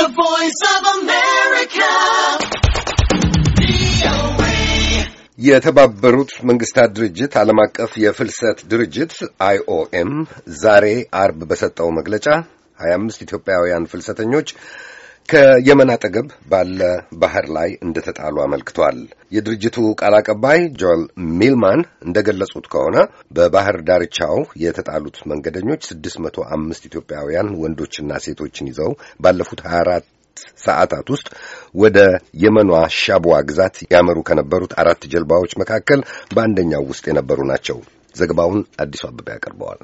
The Voice of America. የተባበሩት መንግስታት ድርጅት ዓለም አቀፍ የፍልሰት ድርጅት አይኦኤም ዛሬ አርብ በሰጠው መግለጫ 25 ኢትዮጵያውያን ፍልሰተኞች ከየመን አጠገብ ባለ ባህር ላይ እንደተጣሉ አመልክቷል። የድርጅቱ ቃል አቀባይ ጆል ሚልማን እንደገለጹት ከሆነ በባህር ዳርቻው የተጣሉት መንገደኞች ስድስት መቶ አምስት ኢትዮጵያውያን ወንዶችና ሴቶችን ይዘው ባለፉት ሀያ አራት ሰዓታት ውስጥ ወደ የመኗ ሻቡዋ ግዛት ያመሩ ከነበሩት አራት ጀልባዎች መካከል በአንደኛው ውስጥ የነበሩ ናቸው። ዘገባውን አዲሱ አበባ ያቀርበዋል።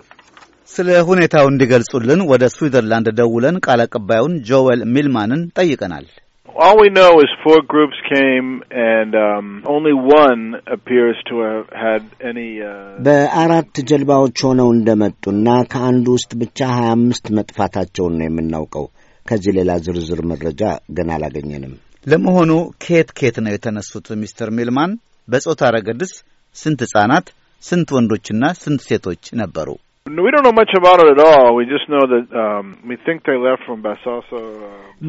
ስለ ሁኔታው እንዲገልጹልን ወደ ስዊዘርላንድ ደውለን ቃል አቀባዩን ጆዌል ሚልማንን ጠይቀናል። All we know is four groups came and um, only one appears to have had any uh, በአራት ጀልባዎች ሆነው እንደመጡና ከአንዱ ውስጥ ብቻ ሀያ አምስት መጥፋታቸውን ነው የምናውቀው። ከዚህ ሌላ ዝርዝር መረጃ ገና አላገኘንም። ለመሆኑ ኬት ኬት ነው የተነሱት ሚስተር ሚልማን? በጾታ ረገድስ ስንት ሕፃናት፣ ስንት ወንዶችና ስንት ሴቶች ነበሩ?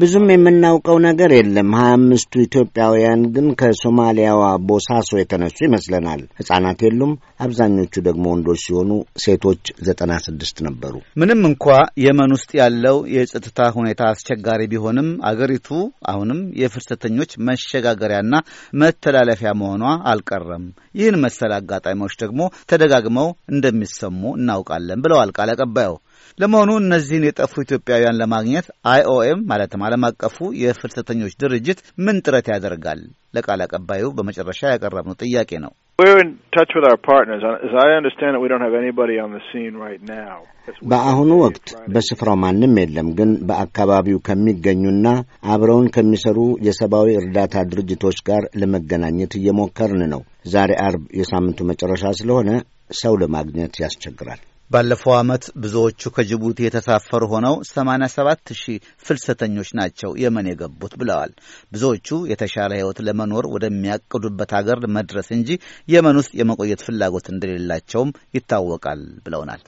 ብዙም የምናውቀው ነገር የለም። ሀያ አምስቱ ኢትዮጵያውያን ግን ከሶማሊያዋ ቦሳሶ የተነሱ ይመስለናል። ሕጻናት የሉም። አብዛኞቹ ደግሞ ወንዶች ሲሆኑ ሴቶች ዘጠና ስድስት ነበሩ። ምንም እንኳ የመን ውስጥ ያለው የጸጥታ ሁኔታ አስቸጋሪ ቢሆንም አገሪቱ አሁንም የፍልሰተኞች መሸጋገሪያና መተላለፊያ መሆኗ አልቀረም። ይህን መሰል አጋጣሚዎች ደግሞ ተደጋግመው እንደሚሰሙ እናውቃለን። እንሰራለን ብለዋል ቃል አቀባዩ። ለመሆኑ እነዚህን የጠፉ ኢትዮጵያውያን ለማግኘት አይኦኤም ማለትም ዓለም አቀፉ የፍልሰተኞች ድርጅት ምን ጥረት ያደርጋል? ለቃል አቀባዩ በመጨረሻ ያቀረብነው ጥያቄ ነው። በአሁኑ ወቅት በስፍራው ማንም የለም፣ ግን በአካባቢው ከሚገኙና አብረውን ከሚሰሩ የሰብአዊ እርዳታ ድርጅቶች ጋር ለመገናኘት እየሞከርን ነው። ዛሬ አርብ የሳምንቱ መጨረሻ ስለሆነ ሰው ለማግኘት ያስቸግራል። ባለፈው ዓመት ብዙዎቹ ከጅቡቲ የተሳፈሩ ሆነው 87 ሺህ ፍልሰተኞች ናቸው የመን የገቡት ብለዋል። ብዙዎቹ የተሻለ ሕይወት ለመኖር ወደሚያቅዱበት አገር መድረስ እንጂ የመን ውስጥ የመቆየት ፍላጎት እንደሌላቸውም ይታወቃል ብለውናል።